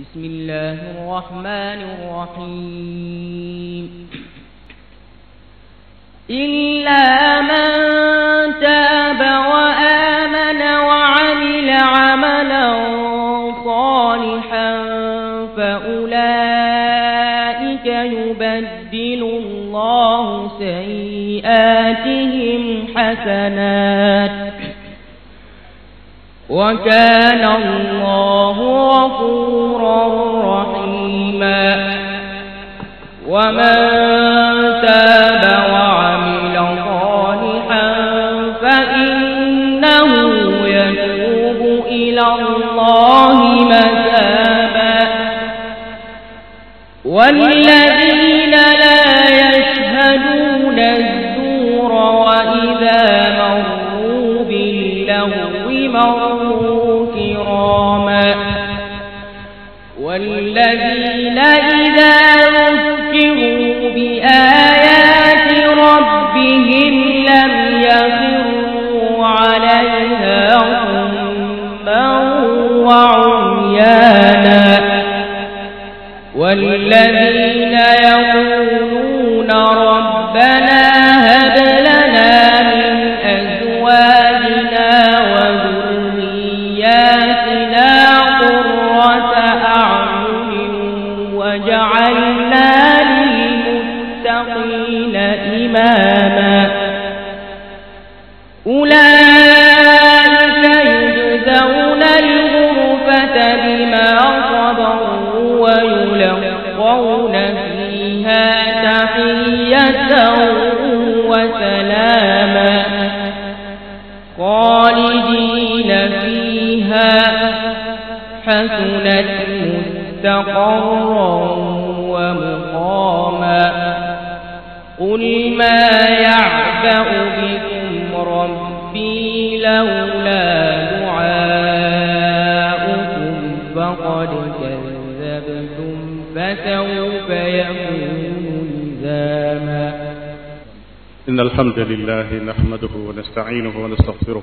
بسم الله الرحمن الرحيم إلا من تاب وآمن وعمل عملا صالحا فأولئك يبدل الله سيئاتهم حسنات وكان الله غفورا رحيما ومن وعميانا والذين كانت مستقرا ومقاما قل ما يعبأ بكم ربي لولا دعاؤكم فقد كذبتم فسوف يكون لزاما إن الحمد لله نحمده ونستعينه ونستغفره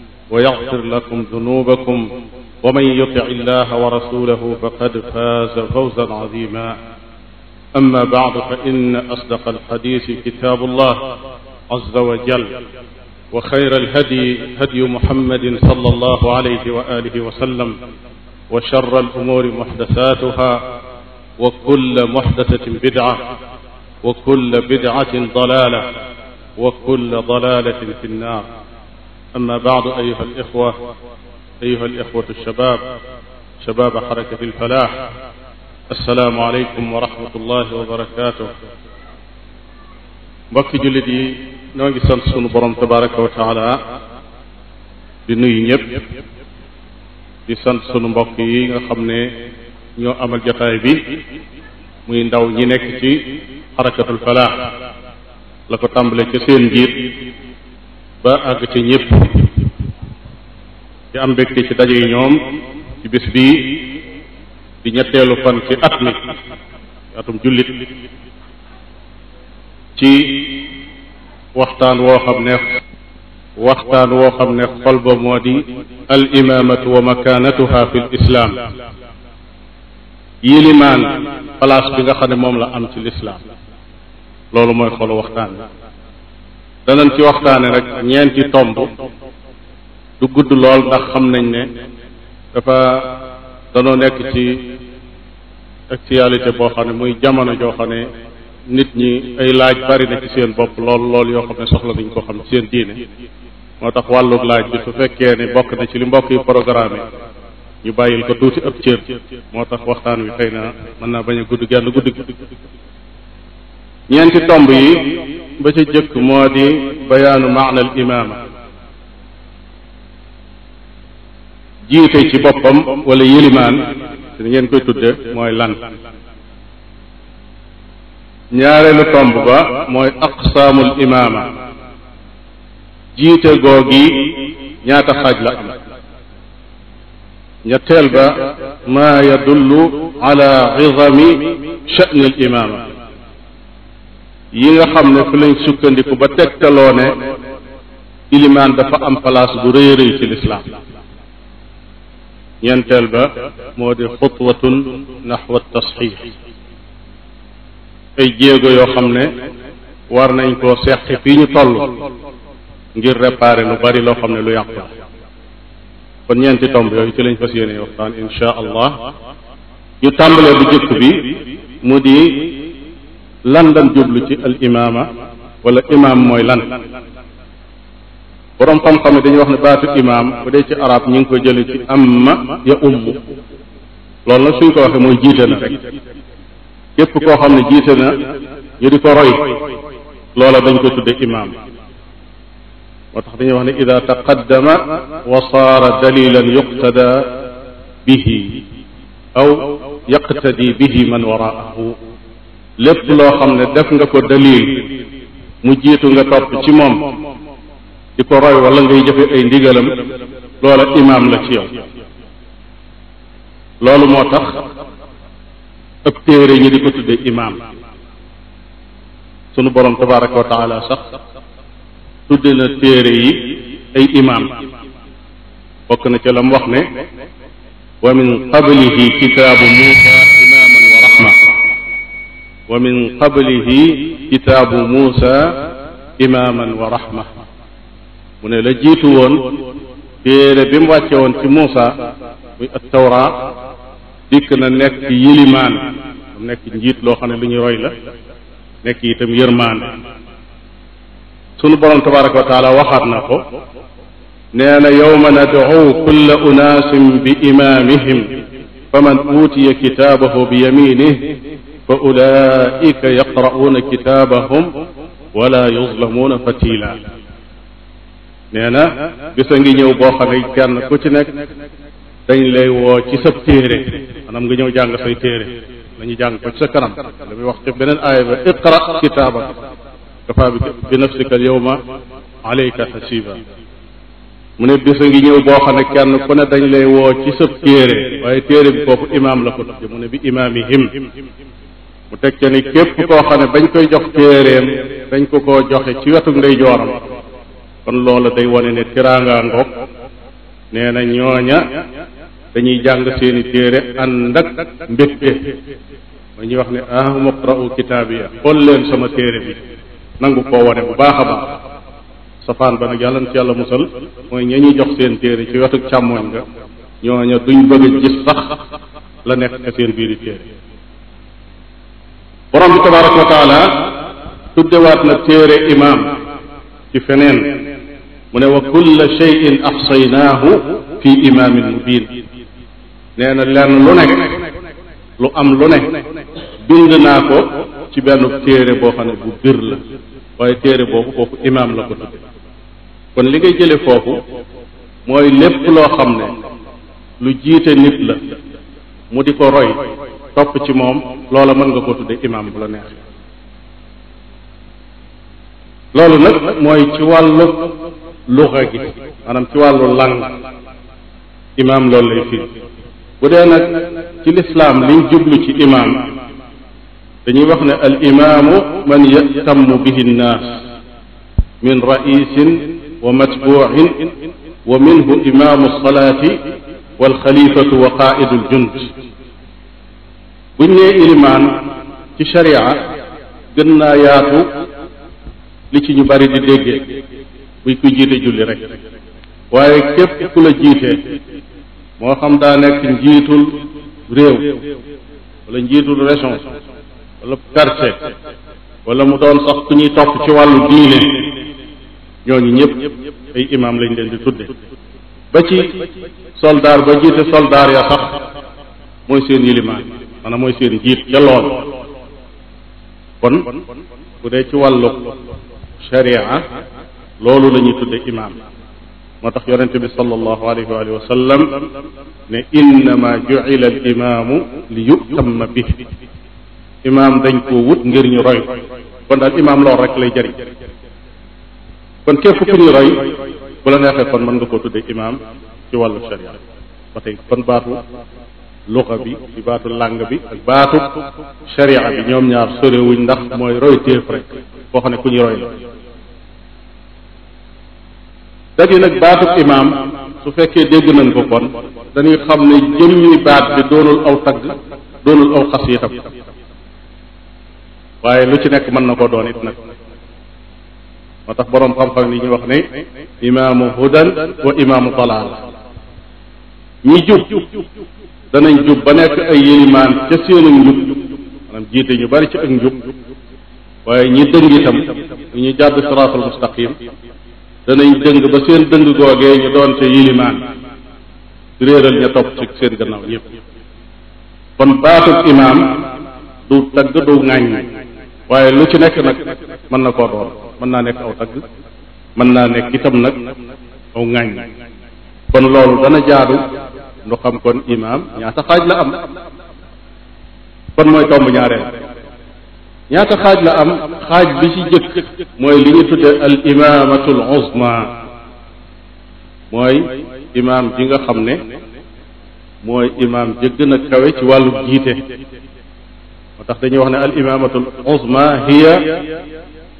ويغفر لكم ذنوبكم ومن يطع الله ورسوله فقد فاز فوزا عظيما أما بعد فإن أصدق الحديث كتاب الله عز وجل وخير الهدي هدي محمد صلى الله عليه وآله وسلم وشر الأمور محدثاتها وكل محدثة بدعة وكل بدعة ضلالة وكل ضلالة في النار أما بعد أيها الإخوة أيها الإخوة الشباب شباب حركة الفلاح السلام عليكم ورحمة الله وبركاته بك جلدي نوغي سنسون برم تبارك وتعالى بنوي يب di sant sunu mbokk yi nga xam ne ñoo amal jotaay bi muy ndaw ñi nekk ci xarakatul falaax la ko tàmbale ca seen njiit ba àgg ci ñëpp ci am bekk ci daje ñoom ci bës bi di ñettelu fan ci atmi atum julit ci waxtaan wo xamne waxtaan wo xamne ne xol ba moo al imamatu wa makanatuha fi islam islaam yilimaan place bi nga xamne mom la am ci lislaam lolu moy xol waxtaan danañ ci waxtaane rek ñeenti tomb du gudd lool ndax xam nañ ne dafa danoo nekk ci actualité boo xam ne muy jamono joo xam ne nit ñi ay laaj bari na ci seen bopp lool lool yoo xam ne soxla nañ ko xam ci seen diine moo tax wàllug laaj bi su fekkee ne bokk na ci li mbokk yi programme ñu bàyyil ko tuuti ab cër moo tax waxtaan wi xëy na mën naa bañ a gudd genn guddi ñeenti tomb yi ba ca jëkk moo di bayaanu maana al imaama jiite ci boppam wala yëlimaan te ngeen koy tudde mooy lan ñaareelu tomb ba mooy aqsaamul imaama jiite googi ñaata xaaj la am ñetteel ba maa yadullu ala izami sha'ni al imaama yi nga xam ne fi lañ sukkandiku ba tegtaloo ne ilimaan dafa am place bu rëy rëy ci lislaam ñeenteel ba moo di xutwatun naxwa tasxiix ay jéego yoo xam ne war nañ koo seqi fii ñu toll ngir réparer lu bari loo xam ne lu yàqu la kon ñeenti tomb yooyu ci lañ fas yéene waxtaan insha allah ñu tàmbalee bu jëkk bi mu di lan lan jublu ci al imaama wala imam moy lan borom xam-xam yi wax ne baatu imam bu dee ci arab ñu ngi ko jël ci amma ya ummu loolu nag suñ ko waxee mooy jiite na rek képp koo xam ne jiite na ñu di ko roy loola dañ ko tudde imam moo tax dañuy wax ne ida taqaddama wa saara dalilan yuqtada bihi aw yaqtadi bihi man waraahu lépp loo xam ne def nga ko dalil mu jiitu nga topp ci moom di ko roy wala ngay jëfe ay ndigalam loola imaam la ci yow loolu moo tax ëpp téere ñi di ko tudde imaam sunu borom tabaraka wa taala sax tudde na téere yi ay imaam bokk na ca wax ne wa min qablihi kitaabu muusa ومن قبله كتاب موسى إماما ورحمة من لجيتون تير بيم واتيون في موسى التوراة ديك نا نيك يليمان نكي نجيت لو خاني لي روي لا نيك يتم يرمان سونو تبارك وتعالى وخات نكو نانا يوم ندعو كل اناس بامامهم فمن اوتي كتابه بيمينه فأولئك يقرؤون كتابهم ولا يظلمون فتيلا نانا بسنجي نيو بوخا غي كان كوتي نيك داني لاي و سي سب تيري انام غي نيو جانغ ساي تيري لا ني جانغ كوتي سكرام لامي وخت بنن ايه اقرا كتابك كفا بنفسك اليوم عليك حسيبا mune bis ngi ñew bo xamne kenn ku ne dañ lay wo ci sa téré waye téré bi bokku imam la ko tuddé mune bi imamihim mu teg ca ni képp koo xam ne bañ koy jox téeréem dañ ko koo joxe ci wetu ndeyjooram kon loola day wone ne tiraanga ngoog nee na ñooña dañuy jàng seeni téere ànd ak mbégte ma ñuy wax ne ahum iqra'u kitaabiya xool leen sama téere bi nangu koo wone bu baax a baax safaan ba nag yàlla na musal mooy ña ñuy jox seen téere ci wetu càmmoñ nga ñooña duñ bëgg a gis sax la nekk seen biiri téere borom bi tabaraka wa taala tuddewaat na téere imaam ci feneen mu ne wa kulla cheyin axsaynaahu fi imaamin mubin nee lenn lu nekk lu am lu ne bind naa ko ci benn téere boo xam ne bu bir la waaye téere boobu kooku imaam la ko tudde kon li ngay jële foofu mooy lépp loo xam ne lu jiite nit la mu di ko roy top ci mom loola mën nga ko tudde imam bu la neex loolu nag mooy ci wàllu luxa gi maanaam ci wàllu lang imam loolu lay fi bu dee nag ci lislaam liñ jublu ci imam dañuy wax ne al imaamu man yatamu bihi nnaas min raisin wa matbuuin wa minhu imaamu salaati والخليفة وقائد الجند buñ nee ilimaan ci sharia gën naa yaatu li ci ñu bari di dégge buy kuy jiite julli rek waaye képp ku la jiite moo xam daa nekk njiitul réew wala njiitul région wala quartier wala mu doon sax ku ñuy topp ci wàllu diine ñooñu ñëpp ay imaam lañ leen di tudde ba ci soldaar ba jiite soldaar ya sax mooy seen ilimaan maanaam mooy seen jiit ca lool kon bu dee ci wàllu sharia loolu la ñuy tudde imaam moo tax yonente bi sallallahu alayhi waalihi wa sallam ne innama ju'ila al imaamu li yutamma bi imaam dañ ko wut ngir ñu roy kon daal imaam loolu rek lay jëriñ kon képp ku ñu roy bu la neexee kon mën nga koo tudde imaam ci wàllu sharia ba tey kon baatu luxa bi ci baatu làng bi ak baatu sharia bi ñoom ñaar sorewuñ ndax mooy roy téef rek boo xam ne ku ñu roy la dañu nag baatu imaam su fekkee dégg nañ ko kon dañuy xam ne jëmmi baat bi doonul aw tagg doonul aw xas itam waaye lu ci nekk mën na koo doon it nag moo tax boroom xam-xam yi ñu wax ne imaamu hudan wa imaamu dalaal ñi jub danañ jub ba nekk ay yélimaan ca seenu njub maanaam jiite ñu bari ci ak njub waaye ñi dëng itam ñu ñu jàdd siraatul mustaqim danañ dëng ba seen dëng googee ñu doon ca yilimaan di réeral ña topp ci seen gannaaw ñëpp kon baatub imaam du tagg du ŋàññ waaye lu ci nekk nag mën na koo doon mën naa nekk aw tagg mën naa nekk itam nag aw ŋàññ kon loolu dana jaadu nu xam kon imam ñaata xaaj la am kon mooy tomb ñaareel ñaata xaaj la am xaaj bi ci jëkk mooy li ñu tudde al imamatul uzma mooy imam bi nga xam ne mooy imam jëgg na kawe ci wàllu jiite moo tax dañuy wax ne al imamatul uzma hiya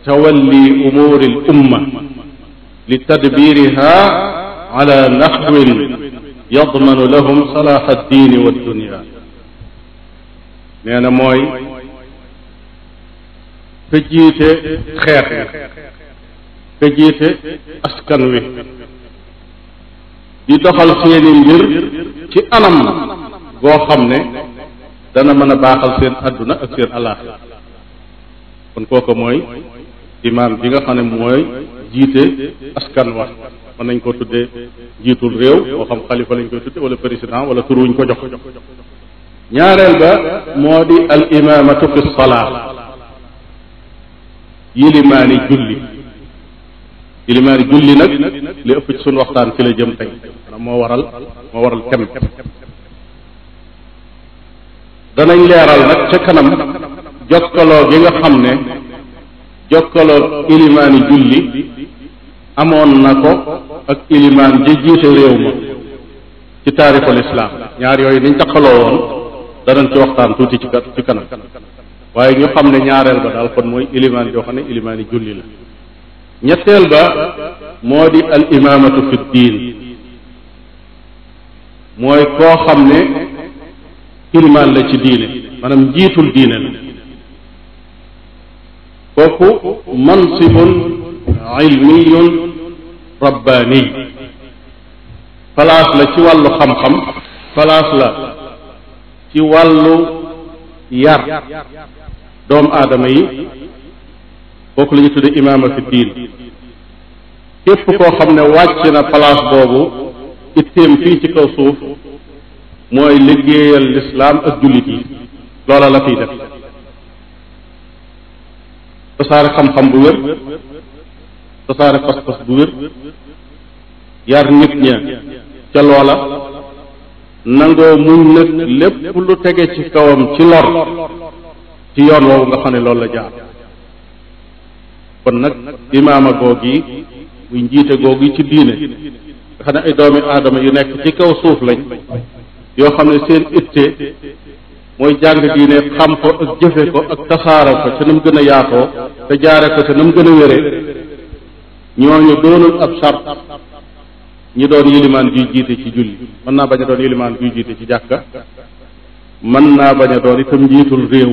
tawalli umuri al umma li tadbiriha ala naxwin yadmanu lahum salaax addiini wa dunia nee na mooy ka jiite xeet wi ka jiite askan wi di doxal seeni mbir ci anam goo xam ne dana mën a baaxal seen àdduna ak seen alaaxira kon kooku mooy imaam bi nga xam ne mooy jiite askan wa mën nañ koo tuddee jiitul réew moo xam xalifa lañ koy tudde wala président wala tur ko jox ñaareel ba moo di al imaamatu fi salaa yilimaani julli yilimaani julli nag li ëpp ci suñu waxtaan fi la jëm tey moo waral moo waral tem danañ leeral nag ca kanam jokkaloo nga xam ne jokkaloo ilimaani julli amoon na ko ak ilimaan ji jiite réew ma ci taarixul islam ñaar yooyu niñ taqaloo woon danañ ci waxtaan tuuti ci ci kanam waaye ñu xam ne ñaareel ba daal kon mooy ilimaan joo xam ne ilimaan yi julli la ñetteel ba moo di al imaamatu fi diin mooy koo xam ne ilimaan la ci diine maanaam njiitul diine la kooku mansibun ilmiyun rabbaani place la ci wàllu xam-xam place la ci wàllu yar doomu aadama yi kooku la ñu tudde imaama fi diin képp koo xam ne wàcc na place boobu itteem fii ci kaw suuf mooy liggéeyal lislaam ak jullit yi loola la fiy def tasaare xam-xam bu wér tasaare pas-pas bu wér yar nit ña ca loola nangoo muñ nag lépp lu tege ci kawam ci lor ci yoon woowu nga xam ne loolu la jaar kon nag imaama goog yi muy njiite goog ci diine nga xam ne ay doomi aadama yu nekk ci kaw suuf lañ yoo xam ne seen itte mooy jàng diine xam ko ak jëfe ko ak tasaare ko ca na gën a yaatoo te jaare ko ca na gën a wéree ñu doonul ab chart ñi doon yilimaan juy jiite ci julli mën naa bañ a doon yilimaan juy jiite ci jàkka mën naa bañ a doon itam njiitul réew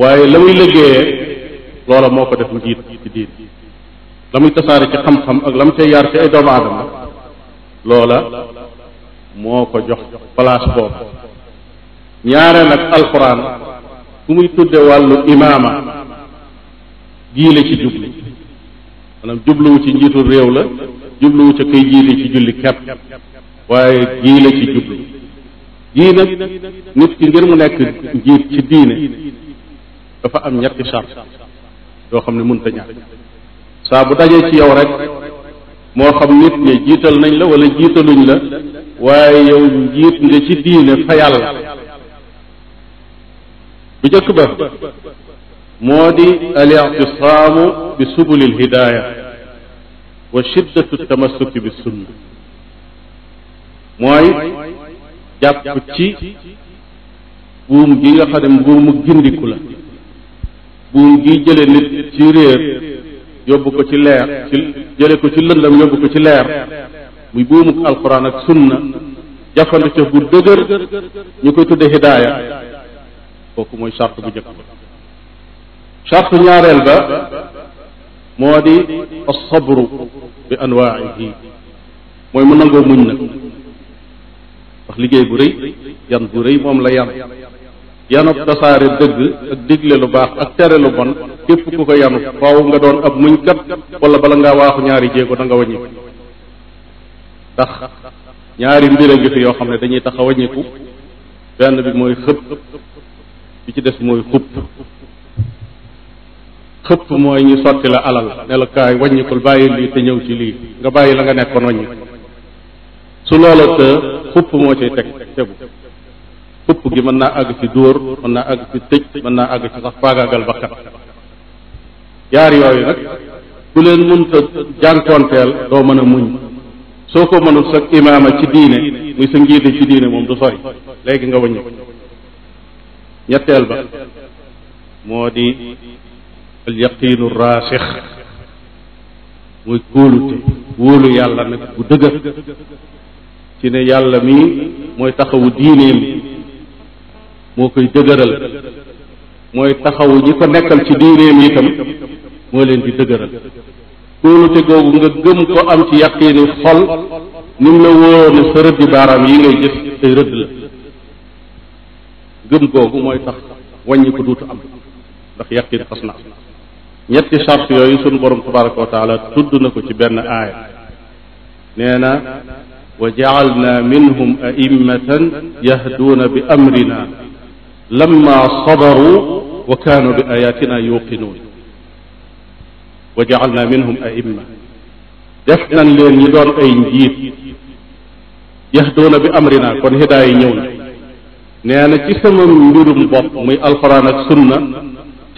waaye la muy liggéeyee loola moo ko def njiit ci diin la muy tasaare ci xam-xam ak la mu cay yar ci ay doomu aadama loola moo ko jox place boobu ñaare nag alxuraan ku muy tudde wàllu imaama gii ci jublu maanaam jubluwu ci njiitu réew la jubluwu ca kay jiite ci julli kepp waaye gii la ci jublu gii nag nit ki ngir mu nekk njiit ci diine dafa am ñetti charte yoo xam ne mënta ñàkk saa bu dajee ci yow rek moo xam nit ñi jiital nañ la wala jiitaluñ la waaye yow njiit nga ci diine fa yàlla bu jëkk ba moo di al bi subuli l hidaaya wa shiddatu tamassuki bi sunna mooy jàpp ci buum gi nga xam ne buumu gindiku la buum gi jële nit ci réer yóbbu ko ci leer jële ko ci lëndam yóbbu ko ci leer muy buumuk alquran ak sunna jafandu ca bu dëgër ñu koy tudde hidaaya kooku mooy charte bu njëkk charte ñaareel ba moo di alsabru bi anwaaihi mooy mu nangoo muñ nag ndax liggéey bu rëy yan bu rëy moom la yan yanub tasaare dëgg ak digle lu baax ak tere lu bon képp ku ko yanu faaw nga doon ab muñkat wala bala ngaa waaxu ñaari jéego da nga wàññiku ndax ñaari mbir ngi fi yoo xam ne dañuy tax a benn bi mooy xëpp bi ci des mooy xupp xëpp mooy ñu sotti la alal ne la bàyyi lii te ñëw ci lii nga bàyyi la nga nekkoon wàññi su loola te xupp moo cay teg tegu xupp gi mën naa àgg ci dóor mën naa àgg ci tëj mën naa àgg ci sax faagaagal bakkat yaar yooyu nag ku leen mënta jànkoonteel doo mën a muñ soo ko mënul sa imaama ci diine muy sa njiite ci diine moom du sori léegi nga wàññi ñetteel ba moo di al yaqiinu raasix mooy kóolute wóolu yàlla nag bu dëgër ci ne yàlla mii mooy taxawu diineem moo koy dëgëral mooy taxawu ñi ko nekkal ci diineem itam moo leen di dëgëral kóolute googu nga gëm ko am ci yaqiini xol ni mu la wóor ne sa rëddi baaraam yi ngay gis tey rëdd la gëm googu mooy tax wàññi ko duutu am ndax yaqin xas na am ñetti sharf yooyu sunu borom tabaraka wa taala tudd na ko ci benn aaya nee na wa jaalna minhum aimmatan yahduuna bi amrina lamma sabaru wa kaanu bi ayatina yuqinuun wa jaalna minhum aimma def nan leen ñi doon ay njiit yahduuna bi amrina kon hidaaya ñëw na nee na ci sama mbirum bopp muy alquran ak sunna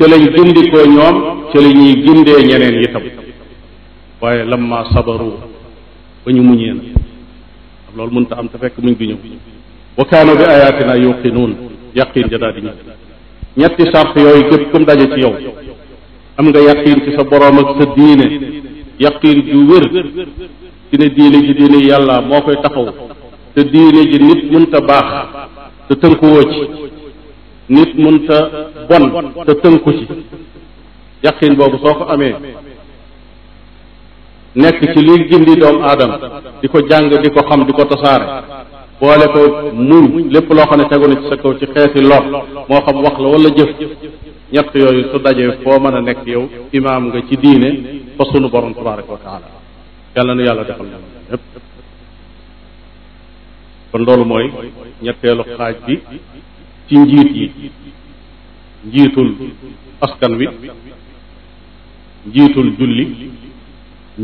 ca lañ gindikoo ñoom ca la ñuy gindee ñeneen itam waaye lamma sabaru ba ñu muñee na am loolu mënta am te fekk muñ gi ñëw wa kaanu bi ayatina yuqinuun yaqin ja daal di ñëw ñetti sàrt yooyu képp kum daje ci yow am nga yaqin ci sa boroom ak sa diine yaqin ju wér ci ne diine ji diine yàlla moo koy taxaw te diine ji nit mënta baax te tënkuwoo ci nit mënta bon te tënku ci yaqin boobu soo ko amee nekk ci liy gindi doomu aadama di ko jàng di ko xam di ko tasaare boole ko muñ lépp loo xam ne tegu na ci sa kaw ci xeeti lor moo xam wax la wala jëf ñett yooyu su dajee foo mën a nekk yow imaam nga ci diine fa sunu borom tabaraka wa yàlla nu yàlla defal na lépp kon loolu mooy ñetteelu xaaj bi ci njiit yi njiitul askan wi njiitul julli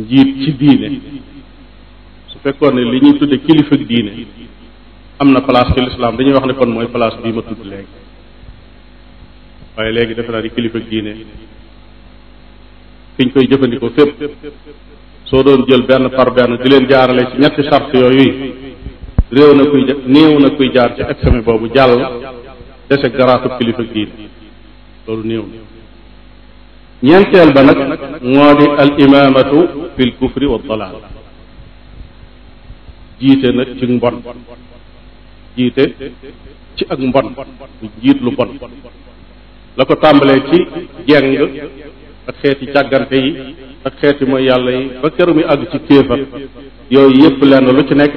njiit ci diine su fekkoon ne li ñuy tudde kilifa diine am na place ci lislaam dañuy wax nekkoon mooy place bii ma tudd léegi waaye léegi defe naa di kilifa diine fi ñu koy jëfandikoo fépp soo doon jël benn par benn di leen jaarale ci ñetti sart yooyu réew na kuy néew na kuy jaar ci examen boobu jàll dese garaatub kilifa diin loolu néew ñeenteel ba nag moo di al imaamatu fi kufri wa dalaal jiite nag ci mbon jiite ci ak mbon bu jiit lu bon la ko tàmbalee ci jeng ak xeeti càggante yi ak xeeti mooy yàlla yi ba keru mi àgg ci kéefar yooyu yépp lenn lu ci nekk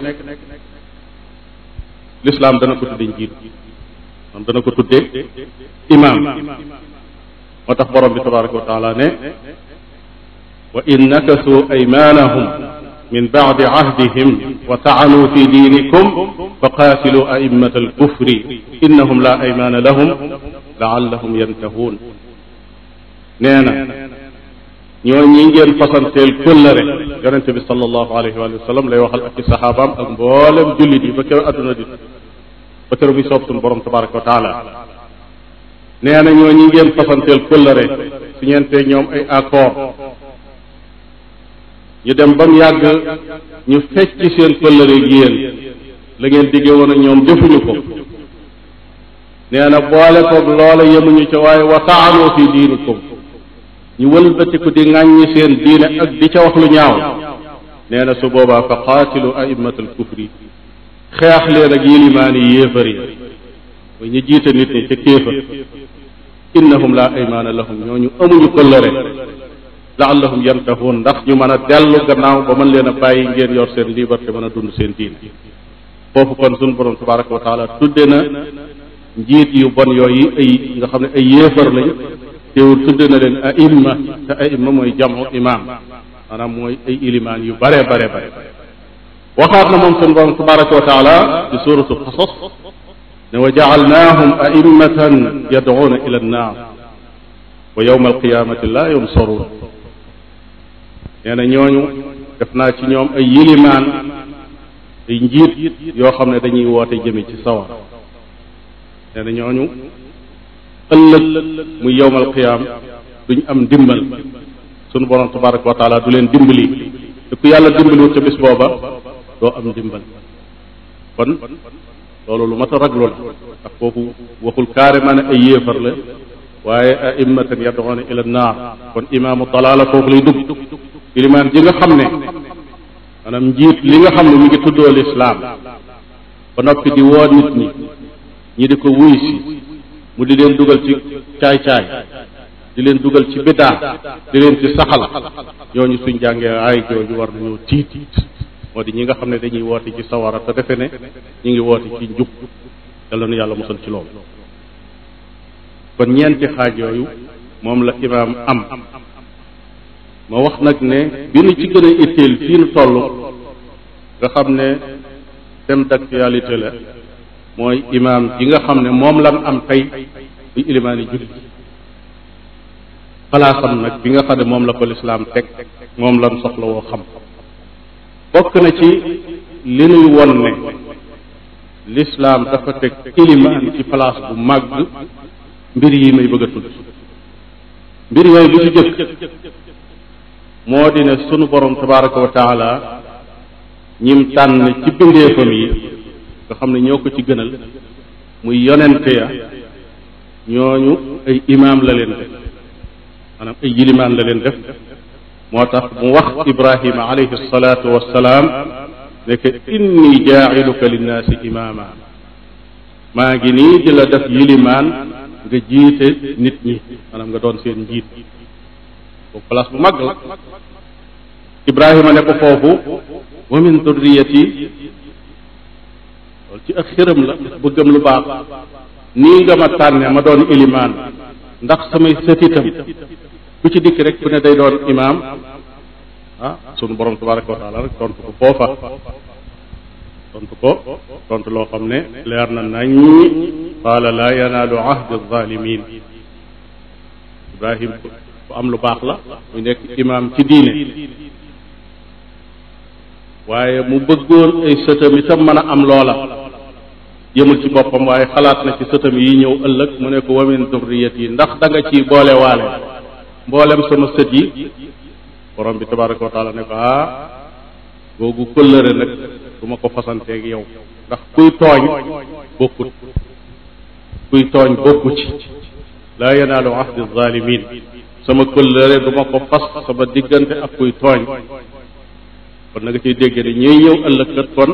lislaam dana ko tudde njiit man dana ko tudde imam moo tax borom bi tabaraka wa taala ne wa innaka su aymanahum min ba'd ahdihim wa ta'anu fi dinikum diinikum a'immat al-kufr innahum la aymaana lahum laallahum yantahun neena ñoo ñi ngeen fasanteel kóllëre yonente bi sallallahu alayhi wa sallam lay waxal ak sahabaam ak mboolem jullit yi ba kew aduna di ba kër bu soob suñu borom tabaraka wa taala nee na ñoo ñi ngeen fasanteel kóllëre su ñeentee ñoom ay accord ñu dem ba mu yàgg ñu fecc seen kóllëre gi yéen la ngeen diggee woon ak ñoom jëfuñu ko nee na boole koog loola yemuñu ca waaye wa taanoo fi diinikum ñu wëlbatiku di ŋàññi seen diine ak di ca wax lu ñaaw nee na su boobaa fa qaatilu aimatal kufri xeex leen ak yilimaan yi yéefar yi mooy ñu jiite nit ñi ca kéefar innahum laa aymaana lahum ñooñu amuñu kóllëre laallahum yantahuun ndax ñu mën a dellu gannaaw ba mën leen a bàyyi ngeen yor seen liberté mën a dund seen diine foofu kon sunu borom tabaraka wa taala tudde na njiit yu bon yooyu ay nga xam ne ay yéefar lañ teewul tudde na leen aimma te aimma mooy jamu imam maanaam mooy ay ilimaan yu bare bare bare وخاطنا من سنبان تبارك وتعالى في سورة القصص وجعلناهم أئمة يدعون إلى النار ويوم القيامة لا ينصرون يعني نيونيو دفنا شي نيوم أي يليمان أي نجيب يوخم ندني واتي جميع سوا يعني نيونيو قلل من يوم القيامة دون أم دمبل سنبان تبارك وتعالى دولين دمبلي تقول يالا دمبلو تبس بابا doo am ndimbal kon loolu lu mat a raglu la ndax kooku waxul carrément ay yéefar la waaye a'immatan yad'una ila naar kon imaamu dalaala foofu lay dugg ilimaan ji nga xam ne maanaam njiit li nga xam ne mu ngi tuddoo lislaam ba noppi di woo nit ñi ñi di ko wuy si mu di leen dugal ci caay-caay di leen dugal ci bidaa di leen ci saxal ñooñu suñ jàngee ay jooju war nañoo tiit moo di ñi nga xam ne dañuy woote ci sawara te defe ne ñu ngi woote ci njub yàlla nu yàlla musal ci loolu kon ñeenti xaaj yooyu moom la imaam am ma wax nag ne bi nu ci gën a fii nu toll nga xam ne thème d'actualité la mooy imaam yi nga xam ne moom lan am tey muy ilimaani julli palaasam nag bi nga xam ne moom la ko lislaam teg moom lan soxla woo xam bokk na ci li nuy won ne lislaam dafa teg kilimaan ci place bu màgg mbir yi may bëgg a tudd mbir yooyu bi ci jëkk moo di ne sunu borom tabaraka wa taala ñim tànn ci bindeefam yi nga xam ne ñoo ko ci gënal muy yonente ya ñooñu ay imaam la leen def ay yilimaan la leen def moo tax mu wax ibrahima alayhi salaatu wassalaam ne inni jaaciluka linnaasi imaama maa ngi nii di la def yilimaan nga jiite nit ñi maanaam nga doon seen njiit boobu place bu mag la ibrahima ne ko wa min ci ak la bëggam lu baax nga ma tànne ma doon ndax samay bu ci dikk rek ku ne day doon imaam ah, sunu borom tabaraka wa taala tontu ko foofa tontu ko tontu loo xam ne leer na nañ qaala laa yanaalu ahdi zalimin ibrahim ku am lu baax la mu nekk imaam ci diine waaye mu bëggoon ay sëtam itam mën a am loola yëmul ci boppam waaye xalaat na ci sëtam yi ñëw ëllëg mu ne ko wamin durriyat ndax danga nga boole boolewaale mboolem sama sët yi borom bi tabaraka wa taala ne ko ah googu këllëre nag du ma ko fasanteeg yow ndax kuy tooñ bokkut kuy tooñ bokku ci laa yanaalu ahdi zalimin sama këllëre du ma ko fas sama diggante ak kuy tooñ kon na nga dégg ne ñuy ñëw ëllëg kat kon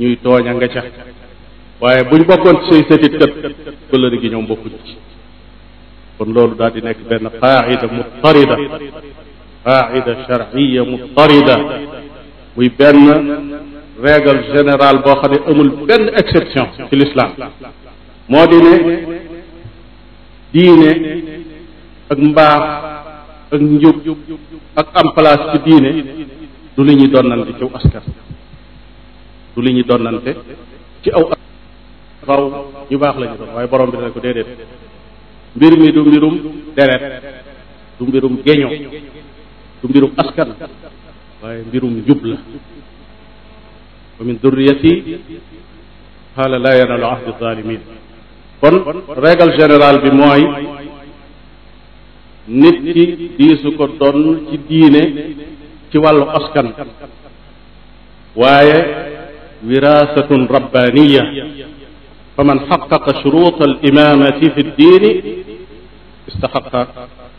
ñuy tooñ a nga ca waaye buñ bokkoon ci say sëtit kat këllëre gi ñoom bokkuñ ci kon loolu daal di nekk benn qaacida mutarida qaacida sharciya mutarida muy benn règle générale boo xam ne amul benn exception ci l'islam moo di ne diine ak mbaax ak njub ak am place ci diine du li ñuy donnante ci aw askan du li ñuy donnante ci aw askan faw ñu baax la ñu doon waaye borom bi dana ko déedéet mbir mi du mbirum deret du mbirum geño du mbirum askan waye mbirum jubla wa min durriyati hala la yanal ahd zalimin kon regal general bi moy nit ki disu ko don ci diine ci walu askan waye wiraasatun rabbaniya fa man xaqaqa shuruuta al imaamati fi ddiini istaxaqa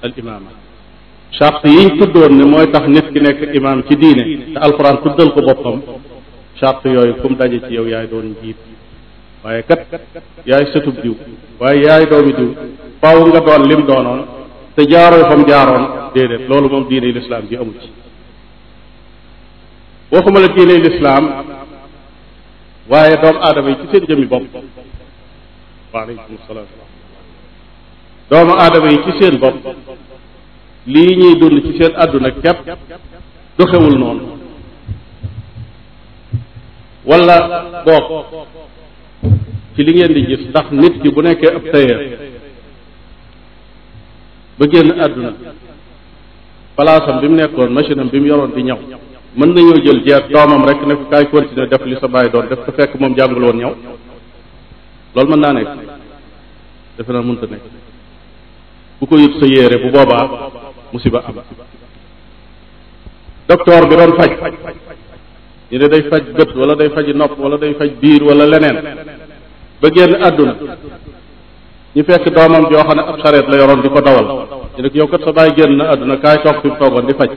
al imaama charte yiñ tuddoon ne mooy tax nit ki nekk imaam ci diine te alquran tuddal ko boppam charte yooyu fu ci yow yaay doon njiit waaye kat yaay sëtub diw waaye yaay doomi diw faaw nga doon lim doonoon te jaaroo fa mu jaaroon déedéet loolu moom diine lislaam ji amu ci waxuma la diine lislaam waaye doomu aadama ci seen jëmmi bopp doomu aadama yi ci seen bopp lii ñuy dund ci seen àdduna képp doxewul noonu wala boog ci li ngeen di gis ndax nit ki bu nekkee ab tailleur ba génn àdduna palaasam bi mu nekkoon machine am bi mu yoroon di ñaw mën nañoo jël jeet doomam rek ne kaay continuer def li sa baay doon def ko fekk moom jàngul woon ñaw loolu mën naa nekk defe naa mënta nekk ku ko yëg sa yéere bu boobaa musiba am docteur bi doon faj ñu ne day faj bët wala day faji nopp wala day faj biir wala leneen ba génn àdduna ñu fekk doomam joo xam ne ab sareet la yoroon di ko dawal ñu ne yow kat sa bàyyi génn na àdduna kaay toog fi mu toogoon di faj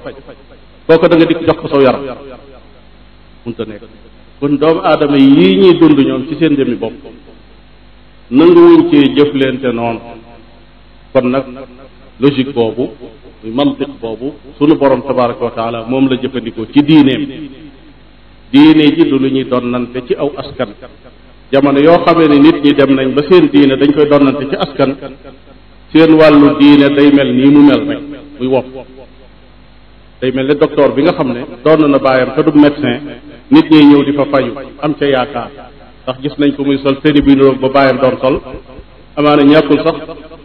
kooku da nga dikk jox ko saw yaram munta nekk kon doomu aadama yi ñuy dund ñoom ci seen jëmmi bopp nanguwuñ cee jëflente noonu kon nag logique boobu muy mantiq boobu sunu borom tabaraka wa taala moom la jëfandikoo ci diineem diine ji du lu ñuy donnante ci aw askan jamono yoo xamee ne nit ñi dem nañu ba seen diine dañ koy donnante ci askan seen wàllu diine day mel nii mu mel rek muy wopp day mel ni docteur bi nga xam ne doon na bàyyam te du médecin nit ñi ñëw di fa fayu am ca yaakaar ndax gis nañ ko muy sol teni bi niroog ba bàyyam doon sol amaana ñàkkul sax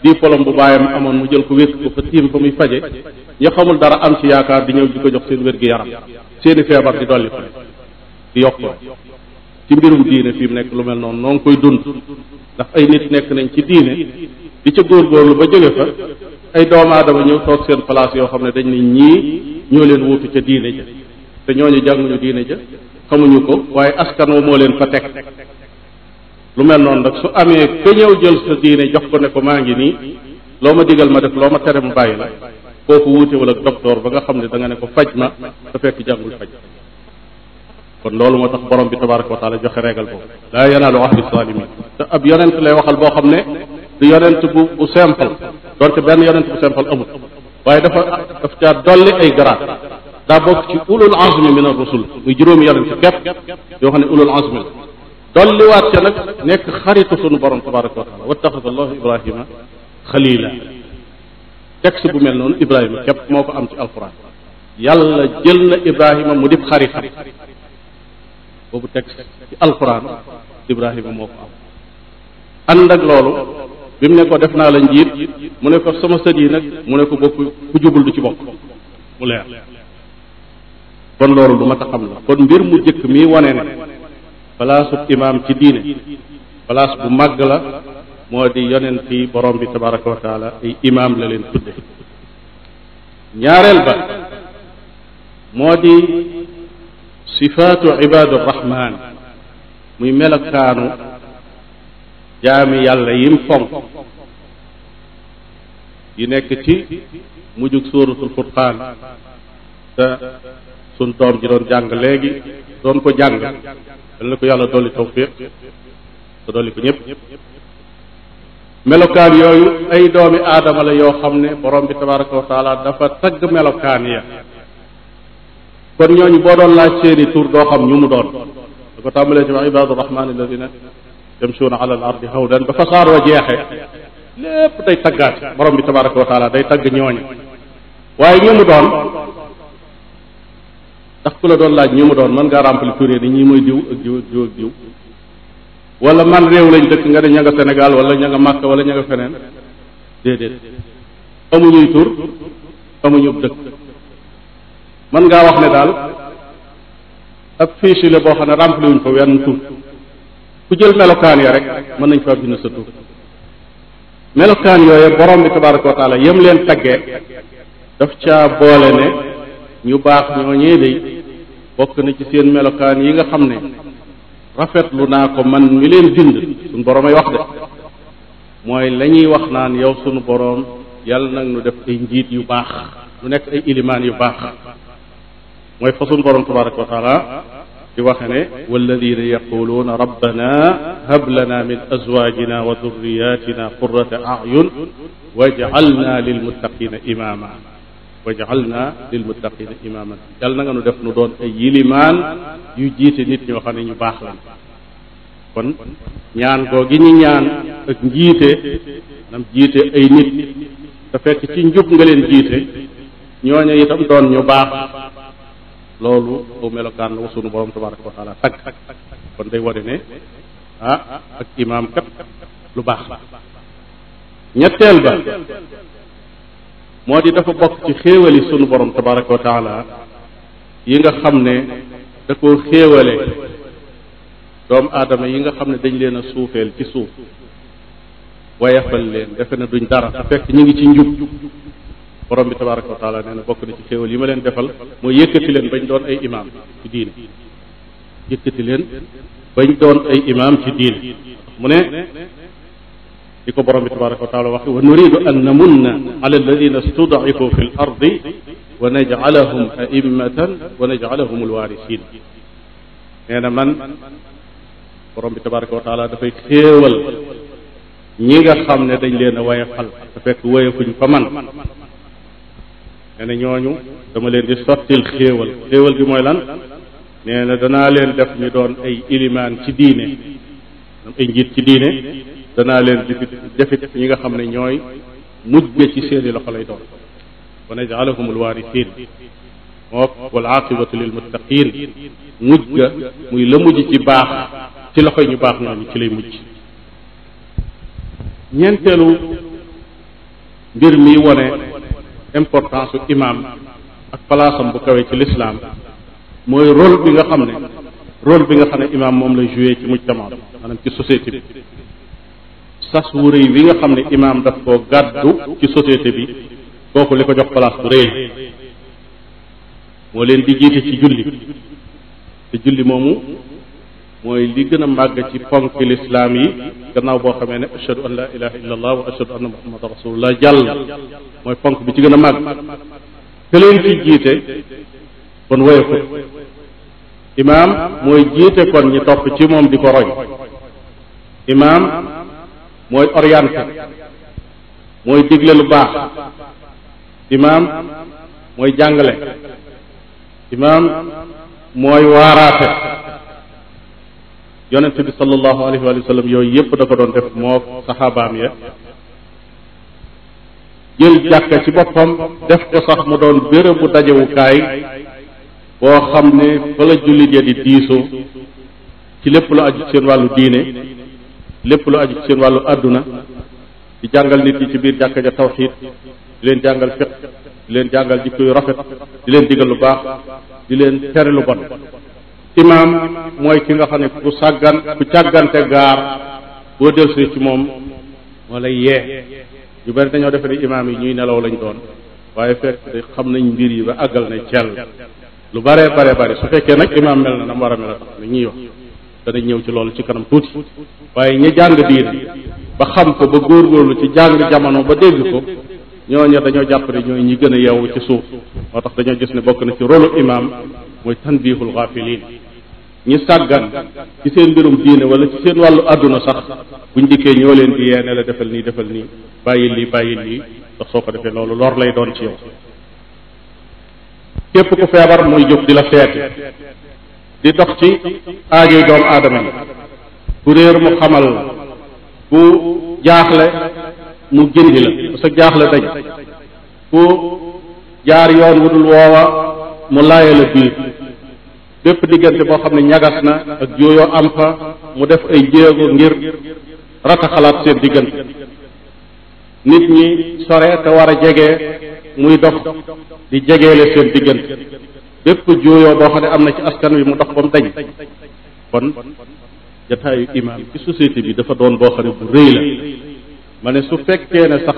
diplôme bu baayam amoon mu jël ko wékk ko fa tiim fa muy faje ña xamul dara am ci yaakaar di ñëw di ko jox seen wér gi yaram seeni feebar di dolli ko di yokkoo ci mbirum diine fi mu nekk lu mel noonu noo koy dund ndax ay nit nekk nañ ci diine di ca góorgóorlu ba jóge fa ay doom aadama ñëw toog seen place yoo xam ne dañ ne ñii ñoo leen wuutu ca diine ja te ñu jànguñu diine ja xamuñu ko waaye askan wa moo leen fa teg lu mel noonu nag su amee ka ñëw jël sa diine jox ko ne ko maa ngi nii loo ma digal ma def loo ma tere mu bàyyi la kooku wuute wala docteur ba nga xam ne da nga ne ko faj ma te fekk jàngul faj kon loolu moo tax borom bi tabaraka wa taala joxe régal boobu laa yanaalu ahdi salimin te ab yonent lay waxal boo xam ne du yonent bu bu simple donte benn yonent bu simple amul waaye dafa daf caa dolli ay garaat daa bokk ci ulul azmi min ar rusul muy juróomi yonent képp yoo xam ne ulul azmi la dolliwaat ca nag nekk xaritu sunu borom tabaraka wa taala wattaxada allahu ibrahima xalila texte bu mel noonu ibrahima képp moo ko am ci alquran yàlla jël na ibrahima mu dib xaritam boobu texte ci alquran ibrahima moo ko am ànd ak loolu bi mu ne ko def naa la njiit mu ne ko sama sët yi nag mu ne ko bokk ku jubul du ci bokk mu leer kon loolu duma ma ta xam la kon mbir mu jëkk mii wane ne place imaam ci diine place bu màgg la moo di yonent yi borom bi tabaraka wa taala imaam la leen tudde ñaareel ba moo di sifaatu ibaadu rahmaan muy melokaanu jaami yàlla yim fonk yi nekk ci mujjug suuratul furqaan te sun doom ji doon jàng léegi doon ko jàng dal na yàlla dolli tawfiq te dolli ko ñëpp melokaan yooyu ay doomi adama la yo xamne borom bi tabaaraku taala dafa tag melokan ya kon ñooñu bo doon laaj seeni tour do xam ñu mu doon da tambale ci ibadu rahman alladina yamshuna ala al ardi hawdan ba fa wa jeexe lépp tay taggaat borom bi tabaaraku taala day tag ñooñu waye ñu mu doon ndax ku la doon laaj ñu mu doon mën ngaa rempli turée ni ñi mooy diw ak diw ak diw ak wala man réew lañ dëkk nga ne ña nga Sénégal wala ña nga Màkka wala ña nga feneen déedéet amuñuy tur amuñu dëkk mën ngaa wax ne daal ab fiche la boo xam ne rempli wuñ ko wenn tur ku jël melokaan ya rek mën nañ faa bind sa tur melokaan yooyu borom bi tabaraka wa taala yem leen taggee daf caa boole ne ñu baax ñooñee de bokk na ci seen melokaan yi nga xam ne lu naa ko man mi leen bind suñ borom ay wax de mooy la ñuy wax naan yow sunu borom yàlla nag nu def ay njiit yu baax nu nekk ay ilimaan yu baax mooy fa suñ borom tabaraka wa taala di waxe ne walladina yaquluna rabbana hab lana min azwajina wa dhurriyatina qurrata a'yun waj'alna lilmuttaqina imama waj'alna lil muttaqina imaman yàlla na nga nu def nu doon ay yilimaan yu jiite nit ñoo xam ne ñu baax lañ kon ñaan koo gi ñu ñaan ak njiite nam jiite ay nit te fekk ci njub nga leen jiite ñooñu itam doon ñu baax loolu aw melokaan la sunu borom tabaraka wa taala tagg kon day wone ne ah, ak imaam kat lu baax la ñetteel ba moo di dafa bokk ci xéewali sunu borom tabaraka wa taala yi nga xam ne da koo xéewale doomu aadama yi nga xam ne dañ leen a suufeel ci suuf wayafal leen defe na duñ dara fekk ñu ngi ci njub borom bi tabaraka wa taala nee na bokk na ci xéewal yi ma leen defal mooy yëkkati leen bañ doon ay imaam ci diine yëkkati leen bañ doon ay imaam ci diine mu ne li ko borom bi tabaraka wa taala wax wa nuridu an namunna ala alladina stud'ifu fi l ardi wa najcalahum a'immatan wa najcalahum alwarisin nee na man borom bi tabaraka wa taala dafay xéewal ñi nga xam ne dañ leen a wayefal te fekk wayefuñ fa man nee na ñooñu dama leen di sottil xéewal xéewal bi mooy lan nee na danaa leen def ñu doon ay ilimaan ci diine ay njiit ci diine danaa leen jafit jafit ñi nga xam ne ñooy mujj ci seeni loxo lay doon wa najcalahum alwaarisin moo walaqibatu lilmuttaqin mujj ga muy la mujj ci baax ci loxo ñu baax ñooñu ci lay mujj ñeenteelu mbir mi wone importance u imaam ak palaasam bu kawee ci lislaam mooy rôle bi nga xam ne rôle bi nga xam ne imaam moom lay joué ci mujtama maanaam ci société bi sas wu rëy wi nga xam ne imaam daf koo gàddu ci société bi kooku li ko jox place bu rëy moo leen di jiite ci julli te julli moomu mooy li gën a màgg ci ponk lislaam yi gannaaw boo xamee ne ashhadu an la ilaha illa allah wa ashhadu anna muhammadan rasulullah jàll mooy ponk bi ci gën a màgg ke leen ci jiite kon woye ko imaam mooy jiite kon ñi topp ci moom di ko roy imaam mooy orienté mooy digle lu baax imaam mooy jàngale imaam mooy waaraate yonent bi sallallahu alayhi wa sallam yooyu yépp da ko doon def moo saxaabaam ya jël jàkka ci boppam def ko sax mu doon bérébu dajewukaay boo xam ne fa la jullit ya di diisoo ci lépp lu aju seen wàllu diine lépp lu aju ci seen wàllu àdduna di jàngal nit yi ci biir jàkka ja tawxid di leen jàngal fiq di leen jàngal jikko yu rafet di leen digal lu baax di leen tere lu bon imaam mooy ki nga xam ne ku sàggan ku càggante gaar boo delsee ci moom moo lay yee ñu bari dañoo defe ni imaam yi ñuy nelaw lañ doon waaye fekk xam nañ mbir yi ba àggal na cell lu bare bare bare su fekkee nag imaam mel na nam war a mel a tax ñuy wax danañ ñëw ci loolu ci kanam tuuti waaye ñi jàng diir ba xam ko ba góor góorgóorlu ci jàng jamono ba dégg ko ñooñu dañoo jàpp ñoo ñooy ñi gën a yeewu ci suuf moo tax dañoo gis ne bokk na ci rôlu imaam mooy tanbihul gaafiliin ñi sàggan ci seen mbirum diine wala ci seen wàllu àdduna sax buñ dikkee ñoo leen di yee ne la defal nii defal nii bàyyil lii bàyyil lii ndax soo ko defee loolu lor lay doon ci yow képp ku feebar mooy jóg di la seeti di dox ci aajoy doomu adama yi ku réer mu xamal la ku jaaxle mu gindi la ku sa jaaxle dañ ku jaar yoon wudul woowa mu laaye la biir bépp diggante boo xam ne ñagas na ak jooyoo am mu def ay jéegoo ngir xalaat seen diggante nit ñi sore te war a jege muy dox di jegeele seen diggante bépp jooyoo boo xam ne am na ci askan wi mu dox ba mu dañ kon jataayu imaam ci société bi dafa doon boo xam ne bu rëy la ma ne su fekkee ne sax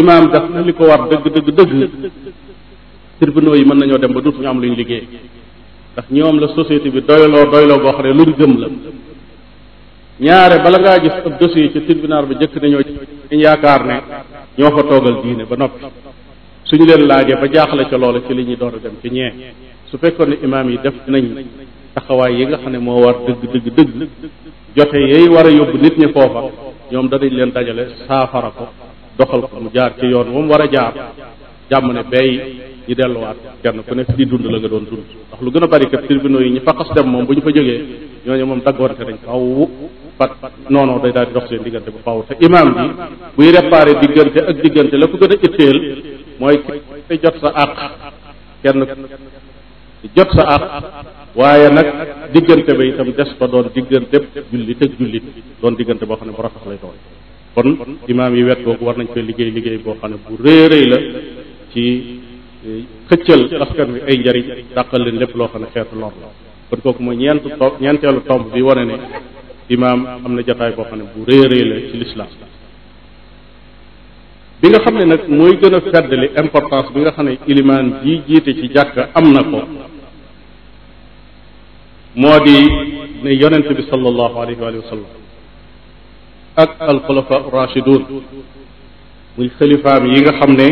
imaam daf na li ko war dëgg dëgg dëgg tribunaux yi mën nañoo dem ba dootuñu am luñ liggéey ndax ñoom la société bi doyloo doyloo boo xam ne luñ gëm la ñaare bala ngaa gis ab dossier ci tribunal bi jëkk nañoo yaakaar ne ñoo fa toogal diine ba noppi su ñu leen laajee ba jaaxle ca loola ci li ñuy door a dem ci ñee su fekkoon ne imaam yi def nañ taxawaay yi nga xam ne moo war dëgg dëgg dëgg jote yey war a yóbbu nit ñi foofa ñoom danañ leen dajale saafara ko doxal ko mu jaar ci yoon moom war a jaar jàmm ne bay ñu delluwaat kenn ku nekk di dund la nga doon dund ndax lu gën a bari kat tribunaux yi ñu fa xas moom bu ñu fa jógee ñooñu moom daggoonte nañ faaw bat noonoo day daal di dox seen diggante bu faaw te imaam bi buy réparé diggante ak diggante la ko gën a itteel mooy ki jot sa àq kenn ci jot sa àq waaye nag diggante ba itam des fa doon diggante jullit ak jullit doon diggante boo xam ne bu rafet lay doon kon imaam yi wet googu war nañ koy liggéey liggéey boo xam ne bu rëy rëy la ci e, xëccal askan wi ay njariñ dàqal leen lépp loo xam ne xeetu lor la kon kooku mooy ñeent to ñeenteelu tomb bi wane ne imaam am na jataay boo xam ne bu rëy rëy la ci lislaam bi nga xamne nak moy gëna gën importance bi nga xamne iliman ilimaan jité ci jàkk amna ko modi ne yonent bi sallallahu alayhi wa sallam ak al khulafa rashidun muy xalifaam yi nga xamne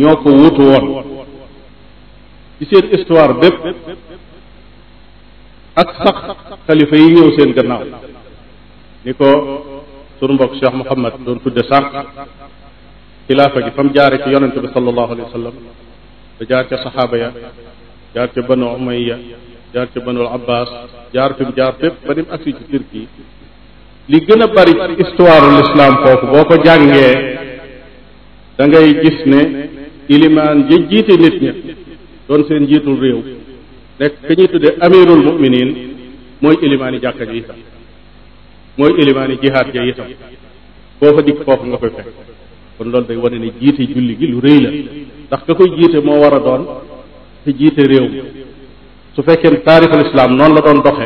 ñoko wutu won ci seen histoire bépp ak sax khalifa yi ñëw seen gannaaw ni ko sunu mbokk Cheikh Mouhamad doon tudde sànq xilaafa gi fa mu jaare ci yonente bi sallallahu alayhi wa sallam jaar ca saxaaba ya jaar ca banu umayya jaar ca banul abbas jaar fi mu jaar fépp ci turki li gën a bari ci histoire l'islam boo ko jàngee da ngay gis ne ilimaan ji jiite nit ñi doon seen njiitul réew nekk ka ñuy tuddee amirul mooy ilimaan yi jàkka ji mooy élimaani jihaad ja itam boo fa dikk foofu nga koy fekk kon loolu day wane ne jiite julli gi lu rëy la ndax ka koy jiite moo war a doon te jiite réew mi su fekkee taarixul islam noonu la doon doxe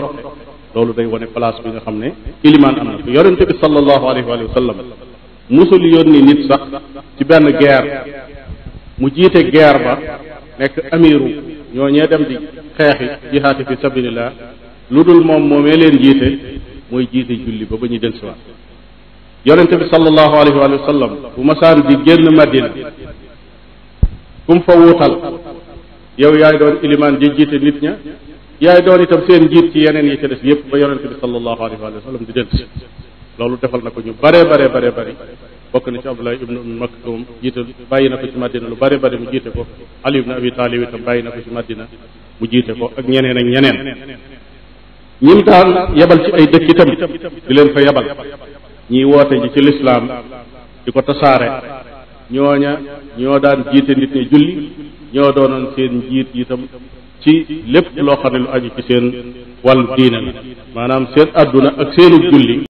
loolu day wane place bi nga xam ne ilimaan am na fi yonente bi sallallahu alayhi wa sallam musul yónni nit sax ci benn guerre mu jiite guerre ba nekk amiru ñoo ñee dem di xeexi jihaati fi sabilillah lu dul moom moomee leen jiite mooy jiite julli ba ba ñu del siwaat yonente bi sallallahu alayhi wa sallam bu masaan di génn madina ku mu fa wuutal yow yaay doon ilimaan ji jiite nit ña yaay doon itam seen jiit ci yeneen yi ca def yépp ba yonente bi sallallahu alayhi wa sallam di del loolu defal na ko ñu bare bare bare bare bokk na ci Abdullah ibnu Ummi Maktum jiite bàyyi na ko ci madina lu bare bare mu jiite ko Ali ibnu Abi Talib itam bàyyi na ko ci madina mu jiite ko ak ñeneen ak ñeneen ñim daan yebal ci ay dëkk itam di leen fa yebal ñiy woote ji ci lislaam di ko tasaare ñooña ñoo daan jiite nit ñi julli ñoo doonoon seen jiit itam ci lépp loo xam ne lu aju ci seen wàllu diine la maanaam seen àdduna ak seenu julli